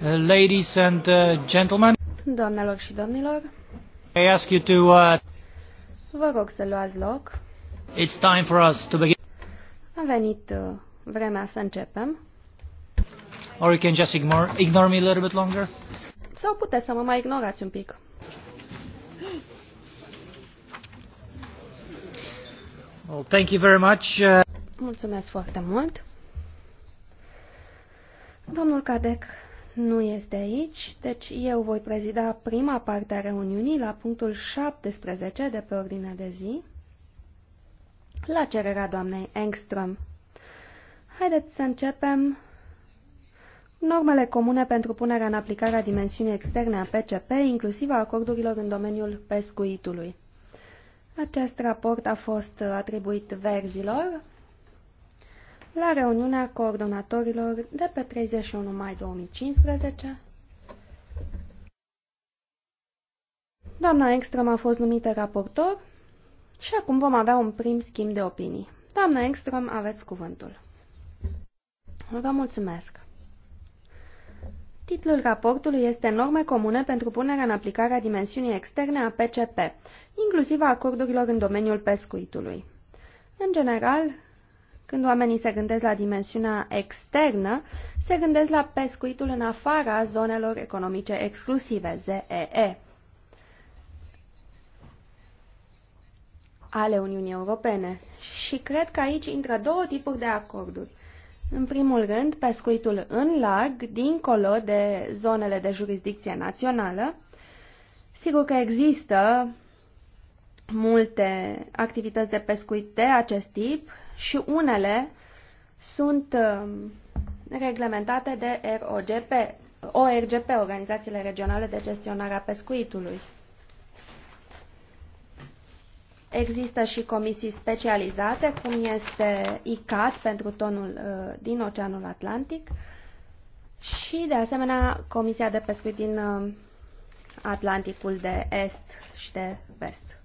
Uh, ladies and uh, gentlemen. Doamnelor și domnilor. I ask you to, uh, Vă rog să luați loc. It's time for us to begin. A venit uh, vremea să începem. Or you can just ignore, ignore me a little bit longer. Sau puteți să mă mai ignorați un pic. Well, thank you very much. Uh, Mulțumesc foarte mult. Domnul Cadec nu este aici, deci eu voi prezida prima parte a reuniunii la punctul 17 de pe ordinea de zi, la cererea doamnei Engström. Haideți să începem normele comune pentru punerea în aplicare a dimensiunii externe a PCP, inclusiv a acordurilor în domeniul pescuitului. Acest raport a fost atribuit verzilor la reuniunea coordonatorilor de pe 31 mai 2015. Doamna Engström a fost numită raportor și acum vom avea un prim schimb de opinii. Doamna Engström, aveți cuvântul. Vă mulțumesc. Titlul raportului este Norme comune pentru punerea în aplicare a dimensiunii externe a PCP, inclusiv a acordurilor în domeniul pescuitului. În general, când oamenii se gândesc la dimensiunea externă, se gândesc la pescuitul în afara zonelor economice exclusive, ZEE, ale Uniunii Europene. Și cred că aici intră două tipuri de acorduri. În primul rând, pescuitul în larg, dincolo de zonele de jurisdicție națională. Sigur că există multe activități de pescuit de acest tip și unele sunt uh, reglementate de ROGP, ORGP, Organizațiile Regionale de Gestionare a Pescuitului. Există și comisii specializate, cum este ICAT pentru tonul uh, din Oceanul Atlantic și, de asemenea, Comisia de Pescuit din uh, Atlanticul de Est și de Vest.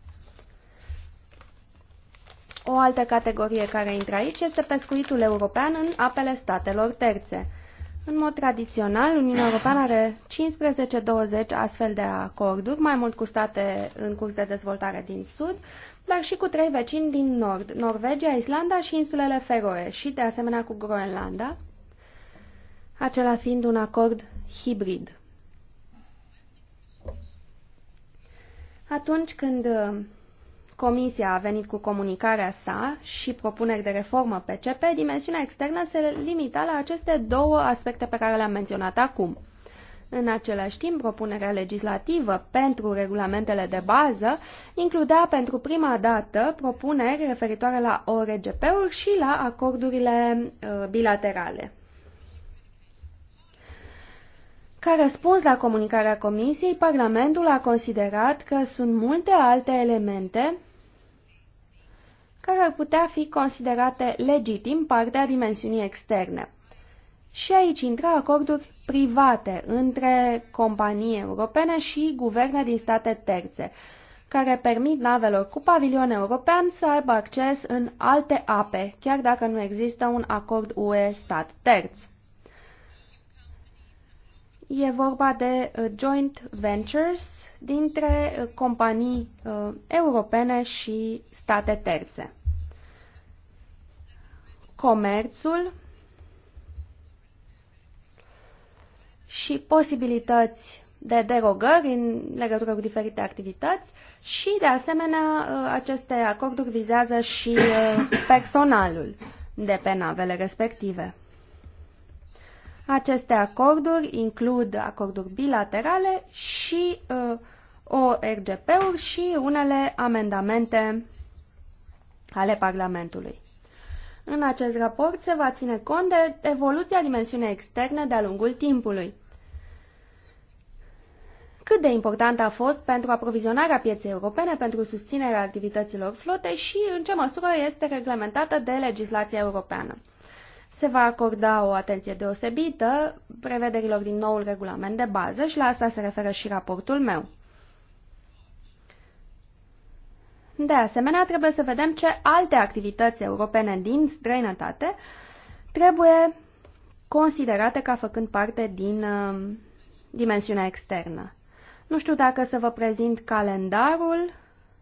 O altă categorie care intră aici este pescuitul european în apele statelor terțe. În mod tradițional, Uniunea Europeană are 15-20 astfel de acorduri, mai mult cu state în curs de dezvoltare din sud, dar și cu trei vecini din nord, Norvegia, Islanda și insulele Feroe și, de asemenea, cu Groenlanda, acela fiind un acord hibrid. Atunci când Comisia a venit cu comunicarea sa și propuneri de reformă PCP, dimensiunea externă se limita la aceste două aspecte pe care le-am menționat acum. În același timp, propunerea legislativă pentru regulamentele de bază includea pentru prima dată propuneri referitoare la ORGP-uri și la acordurile uh, bilaterale. Ca răspuns la comunicarea Comisiei, Parlamentul a considerat că sunt multe alte elemente care ar putea fi considerate legitim partea dimensiunii externe. Și aici intră acorduri private între companii europene și guverne din state terțe, care permit navelor cu pavilion european să aibă acces în alte ape, chiar dacă nu există un acord UE stat terț. E vorba de uh, joint ventures dintre uh, companii uh, europene și state terțe. Comerțul și posibilități de derogări în legătură cu diferite activități și, de asemenea, aceste acorduri vizează și personalul de pe navele respective. Aceste acorduri includ acorduri bilaterale și uh, ORGP-uri și unele amendamente ale Parlamentului. În acest raport se va ține cont de evoluția dimensiunii externe de-a lungul timpului. Cât de important a fost pentru aprovizionarea pieței europene, pentru susținerea activităților flote și în ce măsură este reglementată de legislația europeană se va acorda o atenție deosebită prevederilor din noul regulament de bază și la asta se referă și raportul meu. De asemenea, trebuie să vedem ce alte activități europene din străinătate trebuie considerate ca făcând parte din uh, dimensiunea externă. Nu știu dacă să vă prezint calendarul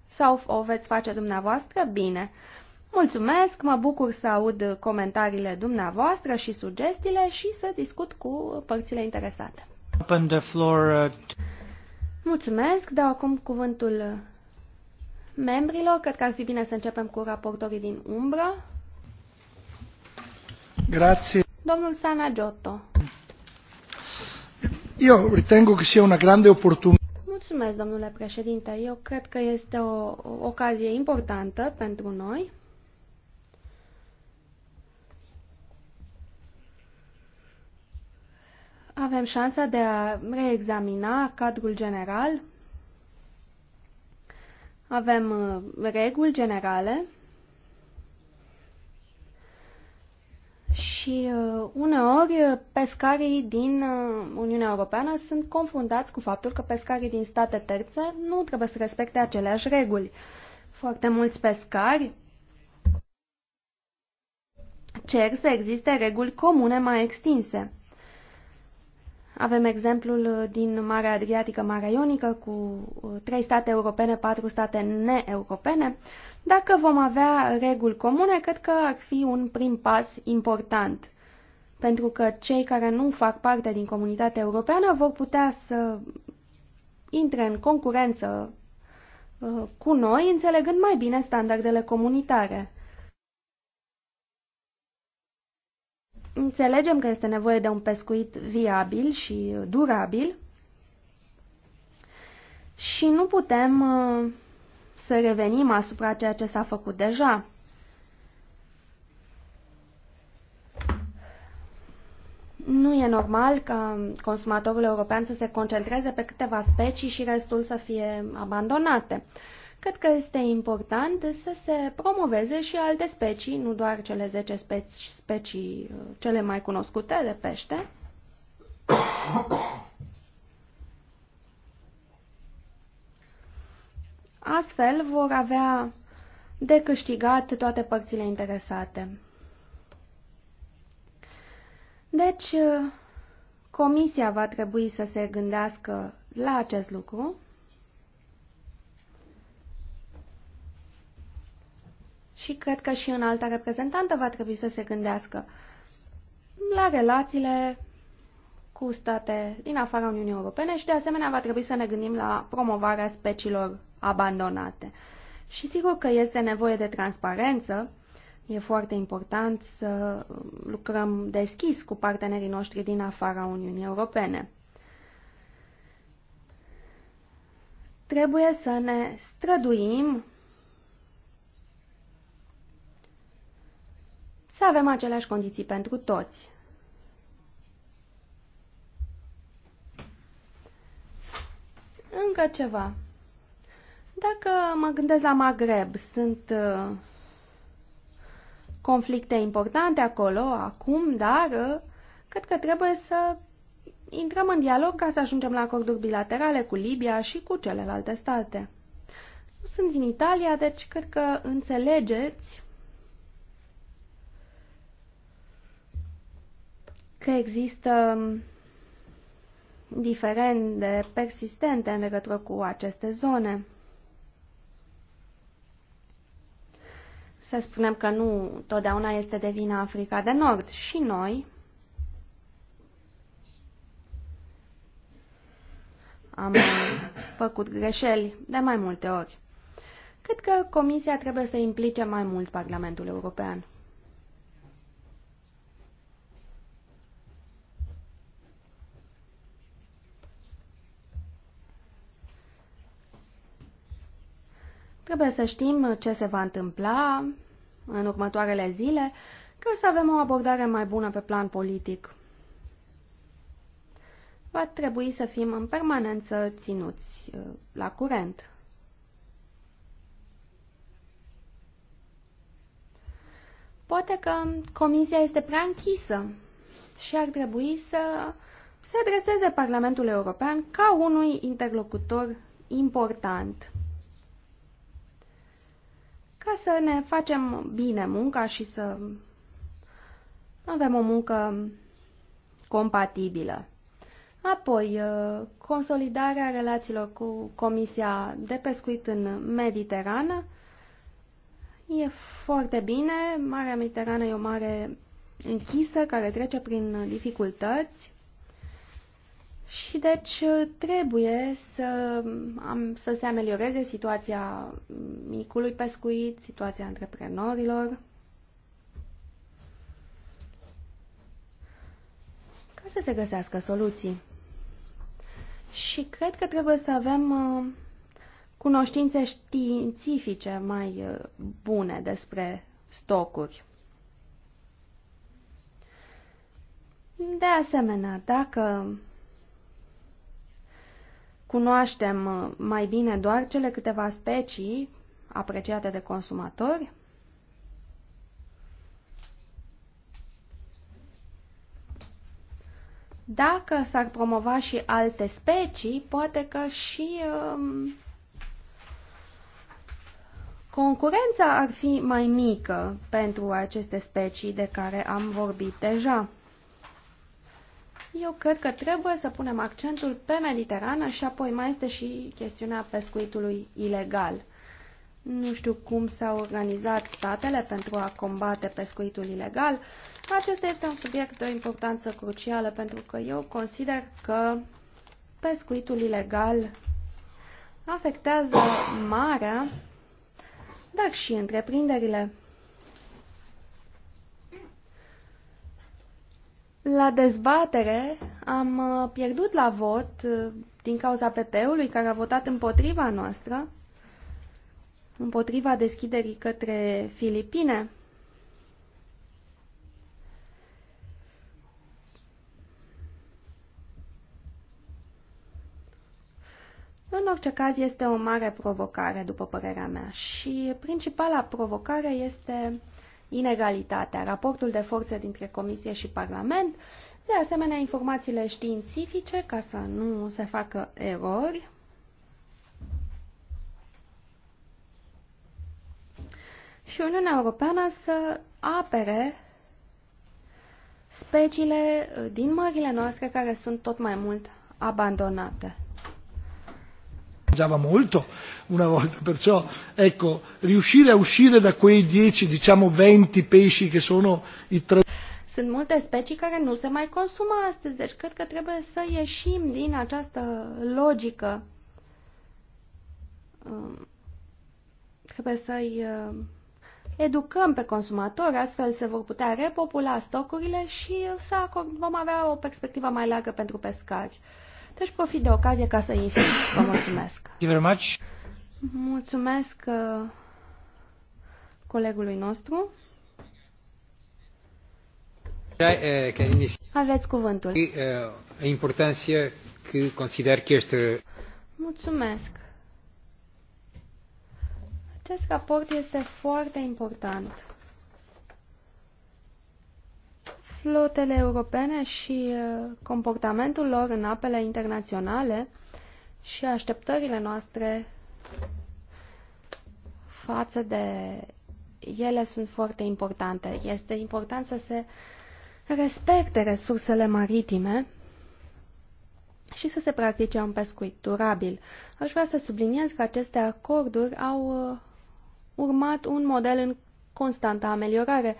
sau o veți face dumneavoastră, bine. Uh, Mulțumesc, mă bucur să aud comentariile dumneavoastră și sugestiile și să discut cu părțile interesate. Uh, Mulțumesc, dau acum cuvântul membrilor. Cred că ar fi bine să începem cu raportorii din umbră. Grazie. Domnul Sana Giotto. Eu ritengo că sia una grande oportunitate. Mulțumesc, domnule președinte. Eu cred că este o ocazie importantă pentru noi. avem șansa de a reexamina cadrul general. Avem uh, reguli generale și uh, uneori uh, pescarii din Uniunea Europeană sunt confundați cu faptul că pescarii din state terțe nu trebuie să respecte aceleași reguli. Foarte mulți pescari cer să existe reguli comune mai extinse. Avem exemplul din Marea Adriatică, Marea Ionică, cu uh, trei state europene, patru state neeuropene. Dacă vom avea reguli comune, cred că ar fi un prim pas important, pentru că cei care nu fac parte din comunitatea europeană vor putea să intre în concurență uh, cu noi, înțelegând mai bine standardele comunitare. Înțelegem că este nevoie de un pescuit viabil și durabil și nu putem uh, să revenim asupra ceea ce s-a făcut deja. Nu e normal ca consumatorul european să se concentreze pe câteva specii și restul să fie abandonate. Uh, Cred că este important să se promoveze și alte specii, nu doar cele 10 specii, specii uh, cele mai cunoscute de pește. Astfel vor avea de câștigat toate părțile interesate. Deci, uh, comisia va trebui să se gândească la acest lucru. și cred că și în alta reprezentantă va trebui să se gândească la relațiile cu state din afara Uniunii Europene și de asemenea va trebui să ne gândim la promovarea speciilor abandonate. Și sigur că este nevoie de transparență, e foarte important să lucrăm deschis cu partenerii noștri din afara Uniunii Europene. Trebuie să ne străduim să avem aceleași condiții pentru toți. Încă ceva. Dacă mă gândesc la Maghreb, sunt uh, conflicte importante acolo, acum, dar uh, cred că trebuie să intrăm în dialog ca să ajungem la acorduri bilaterale cu Libia și cu celelalte state. Nu sunt din Italia, deci cred că înțelegeți că există diferende persistente în legătură cu aceste zone. Să spunem că nu totdeauna este de vină Africa de Nord și noi am făcut greșeli de mai multe ori. Cred că Comisia trebuie să implice mai mult Parlamentul European. Trebuie să știm ce se va întâmpla în următoarele zile ca să avem o abordare mai bună pe plan politic. Va trebui să fim în permanență ținuți uh, la curent. Poate că comisia este prea închisă și ar trebui să se adreseze Parlamentul European ca unui interlocutor important ca să ne facem bine munca și să avem o muncă compatibilă. Apoi, uh, consolidarea relațiilor cu Comisia de Pescuit în Mediterană e foarte bine. Marea Mediterană e o mare închisă care trece prin dificultăți și deci uh, trebuie să, am, să se amelioreze situația micului pescuit, situația antreprenorilor, ca să se găsească soluții. Și cred că trebuie să avem uh, cunoștințe științifice mai uh, bune despre stocuri. De asemenea, dacă Cunoaștem uh, mai bine doar cele câteva specii apreciate de consumatori. Dacă s-ar promova și alte specii, poate că și um, concurența ar fi mai mică pentru aceste specii de care am vorbit deja. Eu cred că trebuie să punem accentul pe Mediterană și apoi mai este și chestiunea pescuitului ilegal. Nu știu cum s-au organizat statele pentru a combate pescuitul ilegal. Acesta este un subiect de o importanță crucială pentru că eu consider că pescuitul ilegal afectează marea, dar și întreprinderile. La dezbatere am uh, pierdut la vot uh, din cauza PP-ului care a votat împotriva noastră, împotriva deschiderii către Filipine. În orice caz, este o mare provocare, după părerea mea, și principala provocare este inegalitatea, raportul de forțe dintre Comisie și Parlament, de asemenea informațiile științifice ca să nu se facă erori. Și Uniunea Europeană să apere speciile din mările noastre care sunt tot mai mult abandonate pensava molto una volta, perciò ecco, riuscire a uscire da quei 10, diciamo 20 pesci che sono i tre sunt multe specii care nu se mai consumă astăzi, deci cred că trebuie să ieșim din această logică. Um, trebuie să-i uh, educăm pe consumatori, astfel se vor putea repopula stocurile și să vom avea o perspectivă mai largă pentru pescari. Deci profit de ocazie ca să insist. Vă mulțumesc. Mulțumesc uh, colegului nostru. Uh, Aveți cuvântul. Uh, e importanță că consider că este... Mulțumesc. Acest raport este foarte important. flotele europene și uh, comportamentul lor în apele internaționale și așteptările noastre față de ele sunt foarte importante. Este important să se respecte resursele maritime și să se practice un pescuit durabil. Aș vrea să subliniez că aceste acorduri au uh, urmat un model în constantă ameliorare,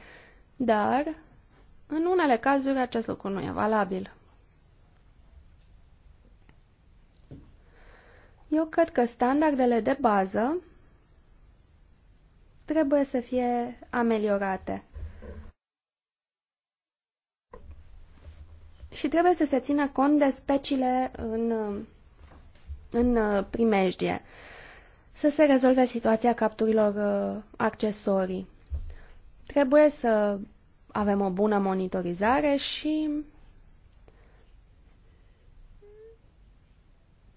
dar în unele cazuri acest lucru nu e valabil. Eu cred că standardele de bază trebuie să fie ameliorate. Și trebuie să se țină cont de speciile în, în primejdie, să se rezolve situația capturilor uh, accesorii. Trebuie să avem o bună monitorizare și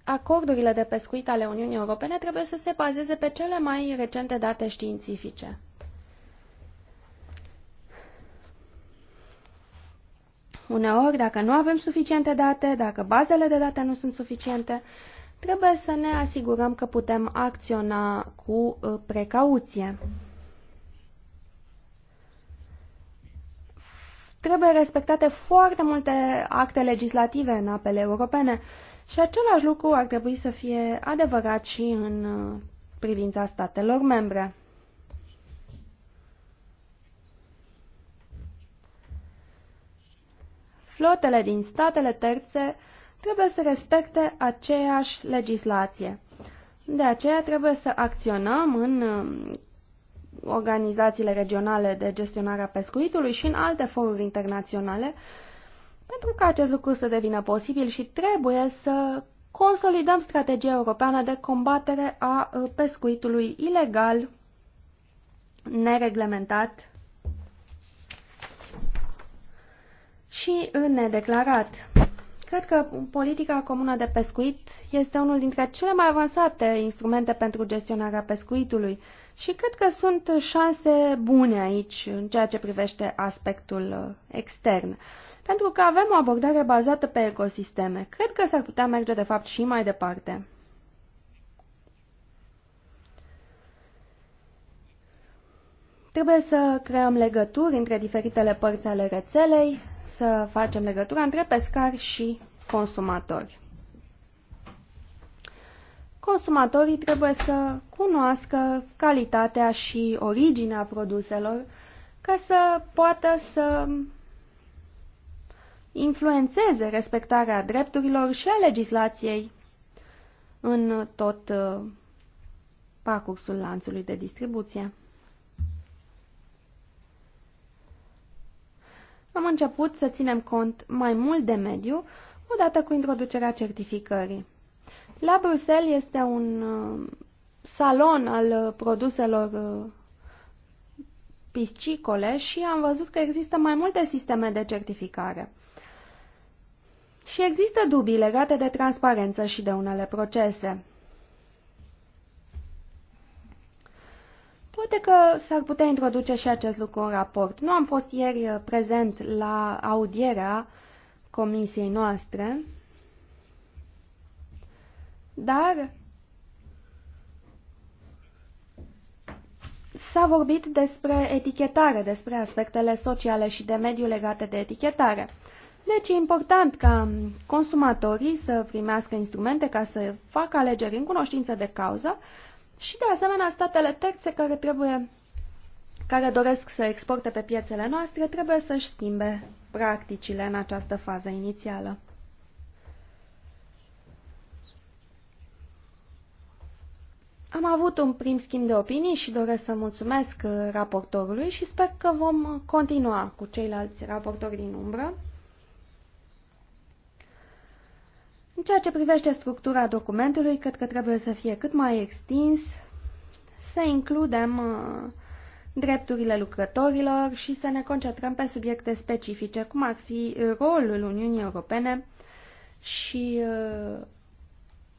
acordurile de pescuit ale Uniunii Europene trebuie să se bazeze pe cele mai recente date științifice. Uneori, dacă nu avem suficiente date, dacă bazele de date nu sunt suficiente, trebuie să ne asigurăm că putem acționa cu uh, precauție. trebuie respectate foarte multe acte legislative în apele europene și același lucru ar trebui să fie adevărat și în uh, privința statelor membre. Flotele din statele terțe trebuie să respecte aceeași legislație. De aceea trebuie să acționăm în uh, organizațiile regionale de gestionare a pescuitului și în alte foruri internaționale, pentru ca acest lucru să devină posibil și trebuie să consolidăm strategia europeană de combatere a uh, pescuitului ilegal, nereglementat și nedeclarat. Cred că politica comună de pescuit este unul dintre cele mai avansate instrumente pentru gestionarea pescuitului și cred că sunt șanse bune aici în ceea ce privește aspectul uh, extern. Pentru că avem o abordare bazată pe ecosisteme. Cred că s-ar putea merge de fapt și mai departe. Trebuie să creăm legături între diferitele părți ale rețelei, să facem legătura între pescari și consumatori consumatorii trebuie să cunoască calitatea și originea produselor ca să poată să influențeze respectarea drepturilor și a legislației în tot uh, parcursul lanțului de distribuție. Am început să ținem cont mai mult de mediu odată cu introducerea certificării. La Bruxelles este un uh, salon al uh, produselor uh, piscicole și am văzut că există mai multe sisteme de certificare. Și există dubii legate de transparență și de unele procese. Poate că s-ar putea introduce și acest lucru în raport. Nu am fost ieri prezent la audierea comisiei noastre, dar s-a vorbit despre etichetare, despre aspectele sociale și de mediu legate de etichetare. Deci e important ca consumatorii să primească instrumente ca să facă alegeri în cunoștință de cauză și de asemenea statele terțe care trebuie care doresc să exporte pe piețele noastre trebuie să-și schimbe practicile în această fază inițială. Am avut un prim schimb de opinii și doresc să mulțumesc uh, raportorului și sper că vom continua cu ceilalți raportori din umbră. În ceea ce privește structura documentului, cred că trebuie să fie cât mai extins, să includem uh, drepturile lucrătorilor și să ne concentrăm pe subiecte specifice, cum ar fi uh, rolul Uniunii Europene și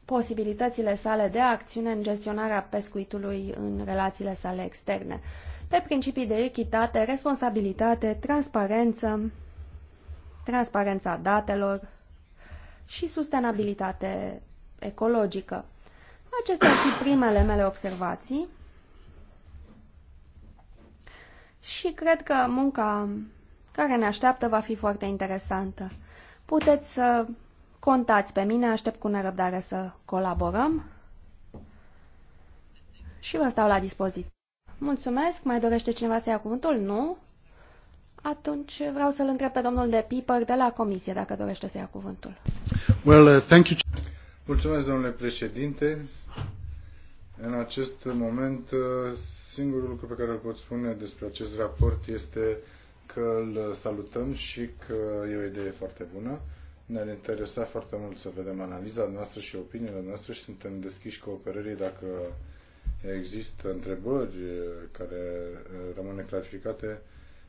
posibilitățile sale de acțiune în gestionarea pescuitului în relațiile sale externe, pe principii de echitate, responsabilitate, transparență, transparența datelor și sustenabilitate ecologică. Acestea ar fi primele mele observații și cred că munca care ne așteaptă va fi foarte interesantă. Puteți să Contați pe mine, aștept cu nerăbdare să colaborăm și vă stau la dispoziție. Mulțumesc, mai dorește cineva să ia cuvântul? Nu? Atunci vreau să-l întreb pe domnul de Piper de la Comisie dacă dorește să ia cuvântul. Well, uh, thank you. Mulțumesc, domnule președinte. În acest moment, uh, singurul lucru pe care îl pot spune despre acest raport este că îl salutăm și că e o idee foarte bună. Ne-ar interesa foarte mult să vedem analiza noastră și opiniile noastre și suntem deschiși cooperării dacă există întrebări eh, care eh, rămâne clarificate,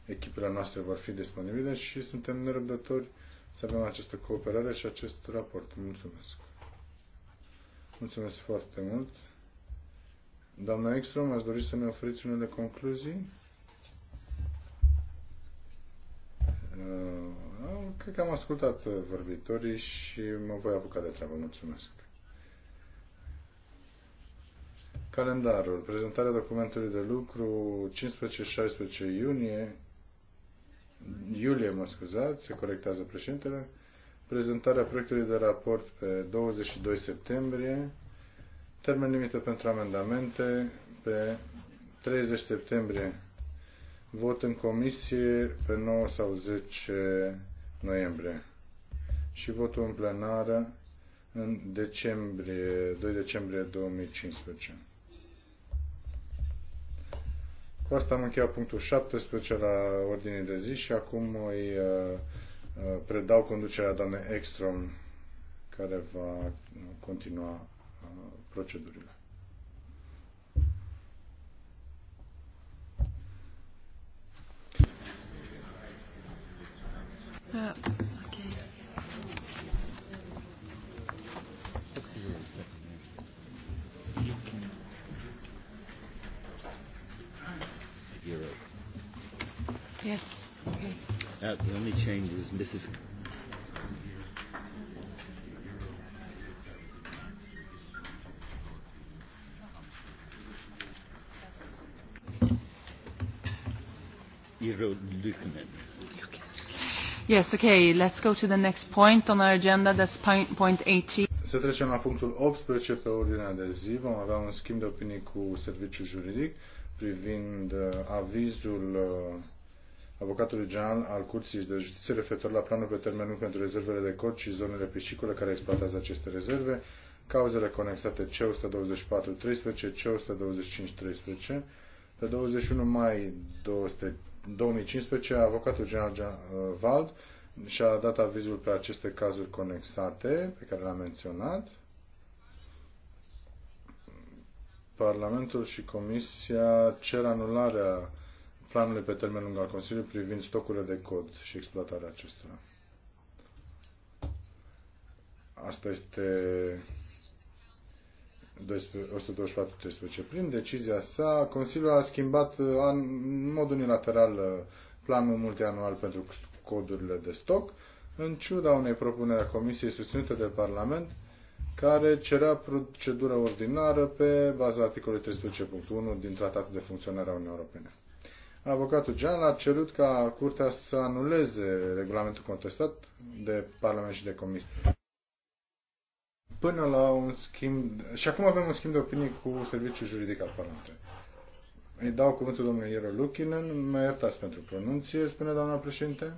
echipele noastre vor fi disponibile și suntem nerăbdători să avem această cooperare și acest raport. Mulțumesc! Mulțumesc foarte mult! Doamna Ekstrom, ați dori să ne oferiți unele concluzii? Uh Cred că am ascultat uh, vorbitorii și mă voi apuca de treabă. Mulțumesc. Calendarul. Prezentarea documentului de lucru 15-16 iunie. Iulie, mă scuzați, se corectează președintele. Prezentarea proiectului de raport pe 22 septembrie. Termen limită pentru amendamente pe 30 septembrie Vot în comisie pe 9 sau 10 noiembrie. Și votul în plenară în decembrie, 2 decembrie 2015. Cu asta am încheiat punctul 17 la ordinii de zi și acum îi uh, uh, predau conducerea doamnei Ekstrom, care va continua uh, procedurile. Mrs. Yes, okay, let's go to the next point on our agenda, that's point, point 18. Să trecem la punctul 18 pe ordinea de zi. Vom avea un schimb de opinii cu serviciul juridic privind uh, avizul uh, avocatului general al Curții de Justiție referitor la planul pe termen lung pentru rezervele de cot și zonele piscicole care exploatează aceste rezerve, cauzele conexate C124-13, C125-13. Pe 21 mai 200, 2015, avocatul general uh, Vald și-a dat avizul pe aceste cazuri conexate pe care le-am menționat. Parlamentul și Comisia cer anularea planurile pe termen lung al Consiliului privind stocurile de cod și exploatarea acestora. Asta este 124-13. Prin decizia sa, Consiliul a schimbat în mod unilateral planul multianual pentru codurile de stoc, în ciuda unei propuneri a Comisiei susținute de Parlament, care cerea procedură ordinară pe baza articolului 13.1 din Tratatul de Funcționare a Uniunii Europene avocatul general a cerut ca curtea să anuleze regulamentul contestat de Parlament și de Comisie. Până la un schimb... Și acum avem un schimb de opinie cu Serviciul Juridic al Parlamentului. Îi dau cuvântul domnului Iero Luchinen, mă iertați pentru pronunție, spune doamna președinte.